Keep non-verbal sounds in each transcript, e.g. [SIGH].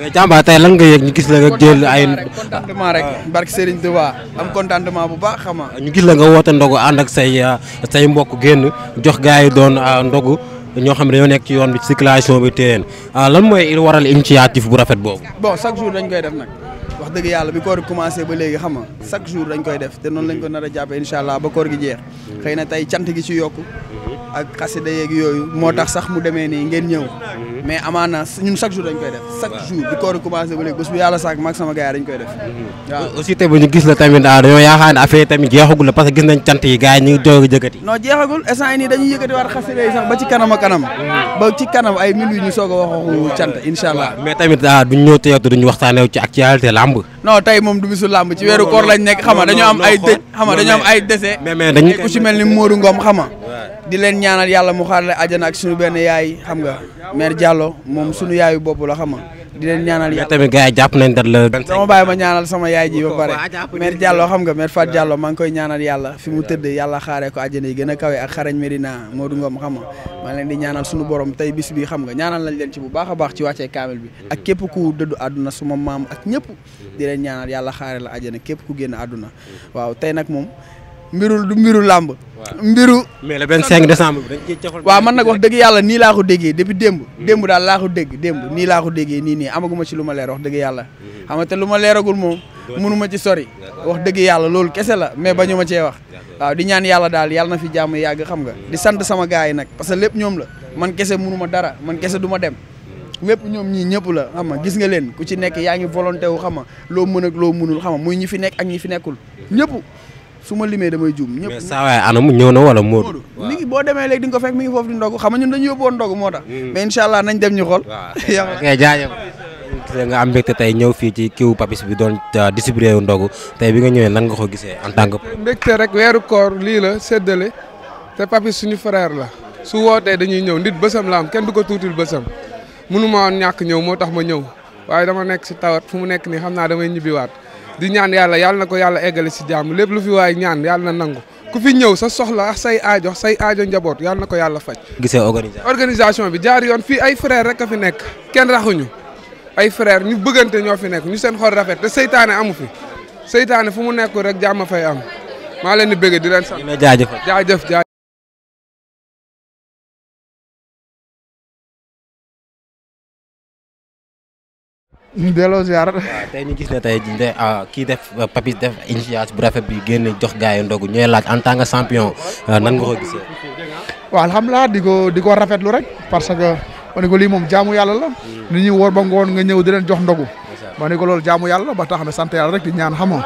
mais Tamba tey lan nga yëg ñu gis la nga jël ay. contentement rek barke Serigne Touba am contentement bu baax xam ñu gis la nga woote ndogu ànd ak say ah, say mbokk génn jox gars yi doon ah, ndogu ñoo xam ne dañoo nekk ci yoon bi circulation bi téyeen ah, lan mooy il waral initiative bu rafet boobu. bon chaque jour dañ koy def nag wax dëgg yàlla bi koor commencé ba léegi xam nga chaque jour dañ koy def te noonu lañ ko nar a jàppee incha allah ba koor gi jeex xëy na tey cant gi ci yokku. ak xasida yeeg yooyu moo tax sax mu demee nii ngeen ñëw mhm. mais amaana ñun chaque jour dañ koy def chaque jour bi koor commencé ba léegi bés bu yàlla sàkk maag sama gars a dañ koy def mhm. waaw ñu gis la tamit ah, dañoo yaakaar ne affaire tamit jeexagul la parce que gis nañ cant yi a jëkkati non sax ba ci kanam kanam mhm. ba ci kanam ay mil yu ñu soog a waxu cant incha allah mais tamit ah, duñ ñëw teewtu duñu waxtaanee ci actualité làmb non tey moom du bisu làmb ci weeru koor lañ nekk xama dañu am ay dëj xama dañu am ay dese mais ku ci mel ni Modou Ngom xama di leen ñaanal yàlla mu xaarale àjjana ak suñu benn yaay xam nga mère Diallo moom sunu yaayu bopp la xam nga di leen ñaanal yàlla tamit gars jàpp nañ dat la sama bàyyi ma ñaanal sama yaay ji ba pare mère xam nga mère Fatou maa ngi koy ñaanal yàlla fi mu tëdd yàlla xaaree ko àjjana yi gën a kawe ak xarañ Medina Modou Ngom xam nga maa leen di ñaanal suñu borom tey bis bi xam nga ñaanal lañ leen ci bu baax a baax ci wàccee kaamil bi ak képp ku dëddu àdduna suma maam ak ñëpp di leen ñaanal yàlla xaare la àjjana képp ku génn àdduna waaw tey nag moom mbirul du mbiru làmb mbiru mais le 25 décembre waaw man nag wax dëgg yàlla nii laa ko déggee depuis démb hmm. démb daal laa ko dégg démb nii laa ko déggee nii nii amaguma ci lu ma leer wax dëgg yàlla hmm. xam nga te lu ma leeragul moom mënuma ci sori wax dëgg yàlla loolu kese la mais bañu ma cee wax waaw di ñaan yàlla daal yàlla na fi jàmm yàgg xam nga di sant sama gars yi nag parce que lépp ñoom la man kese munuma dara man kese duma dem lépp hmm. ñoom ñii ñëpp la xam nga gis nga leen ku ci nekk yaa ngi volonté wu xam nga loo mën ak loo mënul xam muy ñi fi nekk ak ñi fi nekkul ñëpp su ma limee damay juum ñëpp mais saa waay anam ñëw na wala Modou mi ngi boo demee léegi di nga ko fekk mi ngi foofu di ndogu xam nga ñun dañu yóbbuwoon ndogu moo tax hmm. mais nañ dem ñu xool ngay [LAUGHS] jaajëf nga am tey ñëw fii ci kiw papis bi doon euh, distribué wu ndogu tey bi nga ñëwee nan nga ko gisee en tant que mbégte rek weeru koor lii la séddale te papis suñu frère la su dañuy ñëw nit bësam la kenn du ko tuutil bësam mënu ma ñàkk ñëw moo tax ma ñëw waaye dama nekk si tawat fu mu nekk nii xam naa damay ñibbiwaat di ñaan yàlla yàlla na ko yàlla eggale si jàmm lépp lu fi waaye ñaan yàlla na nangu ku fi ñëw sa soxla ak say aajo say aajo njaboot yàlla na ko yàlla faj. gisee organisation organisation bi jaar yoon fii ay frère rek a fi nekk kenn raxuñu ay frère ñu bëggante ñoo fi nekk ñu seen xol rafet te seytaane amu fi seytaane fu mu nekkul rek jàmm fay am maa leen di bëgg di leen sant. jaajëf jaa ñu delloo ziar. waaw tey ñu gis ne tey de ah, kii def euh, Papis def initiative bu rafet bi génn jox gars yi ndogu ñooy laaj en tant que champion euh, nan nga ko gisee. waaw alhamdulilah di ko di ko rafetlu rek parce que ma ne ko lii moom jaamu yàlla la. Hmm. ni ñuy woor ba ngoon nga ñëw di leen jox ndogu. ma ne ko loolu jaamu yàlla ba tax na sant yàlla rek di ñaan xamoo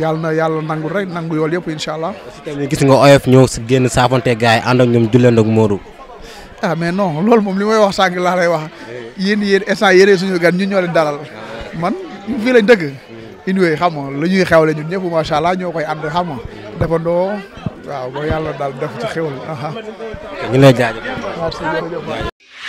yàlla na yàlla nangul rek nangu yoolu yëpp incha allah. gis nga oyof ñëw génn saafante gars yi ànd ak ñoom julleen ak Modou. ah mais non loolu moom li may wax sànq laa lay wax eh. yéen yéen instant yéen suñu gan ñu ñoo leen dalal man fii lañ dëkk inwee xam nga lu ñuy xewle ñun ñëpp macha allah ñoo koy ànd xamoo nga defandoo waaw ba yàlla daal def ci xewal ñu lay jaajëf